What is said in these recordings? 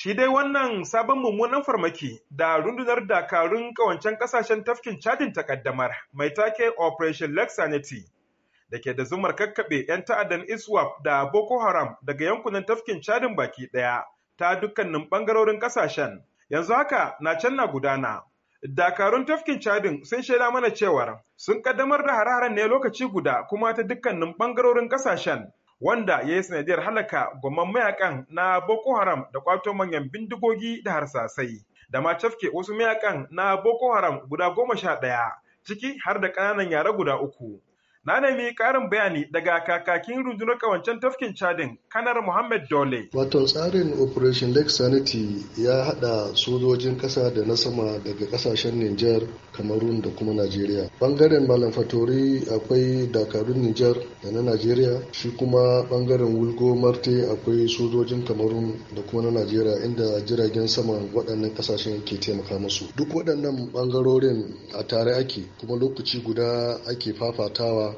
Shi dai wannan sabon mummunan farmaki da rundunar dakarun kawancen kasashen tafkin cajin takaddamar mai take Operation Lexanity da ke da zumar kakkaɓe 'yan ta'addan ISWAP da Boko Haram daga yankunan tafkin cajin baki ɗaya ta dukkanin ɓangarorin kasashen. Yanzu haka na can na gudana. Dakarun tafkin cajin sun shaida mana cewar sun kaddamar da hare-haren ne lokaci guda kuma ta dukkanin ɓangarorin kasashen wanda ya yi sanadiyar halaka gwamman mayakan na Boko Haram da kwato manyan bindigogi da harsasai, da ma cafke wasu mayakan na Boko Haram guda goma sha ɗaya, ciki har da ƙananan yara guda uku. Na nemi ƙarin bayani daga kakakin rundunar kawancen tafkin Chadin, kanar Muhammad Dole. Wato tsarin Operation Lake Sanity ya haɗa sojojin ƙasa da na sama daga ƙasashen Nijar, Kamarun da kuma Najeriya. Bangaren Malam Fatori akwai dakarun Nijar da na Najeriya, shi kuma bangaren Wulgo Marte akwai sojojin Kamarun da kuma na Najeriya inda jiragen sama waɗannan ƙasashen ke taimaka musu. Duk waɗannan bangarorin a tare ake kuma lokaci guda ake fafatawa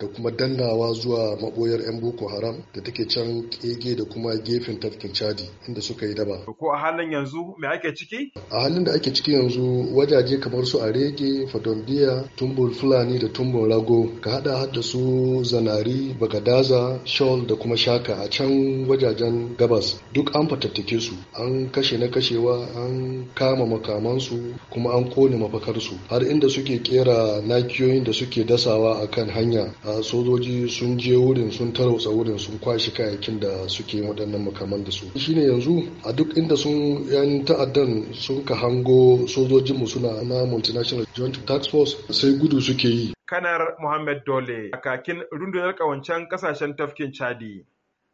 da kuma dannawa zuwa maboyar 'yan boko haram da take can kege da kuma gefen tafkin chadi inda suka yi daba ko a halin yanzu me ake ciki a halin da ake ciki yanzu wajaje kamar su arege fadondiya tumbul fulani da tumbul rago ka hada hadda su zanari bagadaza shawl da kuma shaka a can wajajen gabas duk an fatattake su an kashe na kashewa an kama makamansu kuma an kone mafakarsu har inda suke kera nakiyoyin da suke dasawa akan hanya sojoji sun je wurin sun tarausa wurin sun kwashe kayakin da suke waɗannan makaman da su shine yanzu a duk inda sun yan ta'addan sun ka hango sojojinmu suna na multinational joint tax force sai gudu suke yi kanar Muhammad Dole a kakin rundunar ƙawancen ƙasashen tafkin Chadi.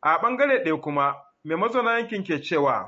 A ɓangare ɗaya kuma, mai mazauna yankin ke cewa,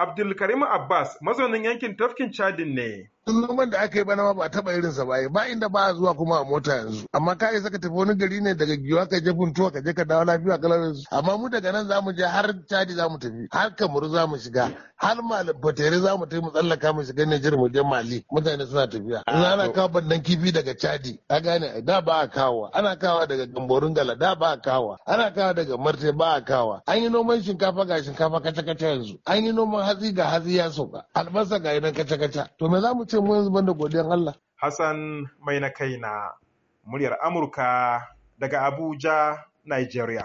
Abdulkarim Abbas mazaunin yankin tafkin Chadin ne, sun noman da aka yi bana ma ba taba irin sa ba ba inda ba zuwa kuma a mota yanzu amma ka isa ka tafi wani gari ne daga giwa ka je funtuwa ka je ka dawo lafiya kalar amma mu daga nan zamu je har Chadi zamu tafi har Kamaru zamu shiga har Malam Fatere zamu tafi mu tsallaka mu shiga Nijar mu je Mali mutane suna tafiya ana kawo bandan kifi daga Chadi a gane da ba a kawo ana kawo daga Gamborun Gala da ba a kawo ana kawo daga Marte ba a kawo an yi noman shinkafa ga shinkafa kaca-kaca yanzu an yi noman hatsi ga hatsi ya sauka albasa ga kaca-kaca to me zamu ce kan mun zubar da godiyan Allah. Hassan mai na kai na muryar Amurka daga Abuja, Nigeria.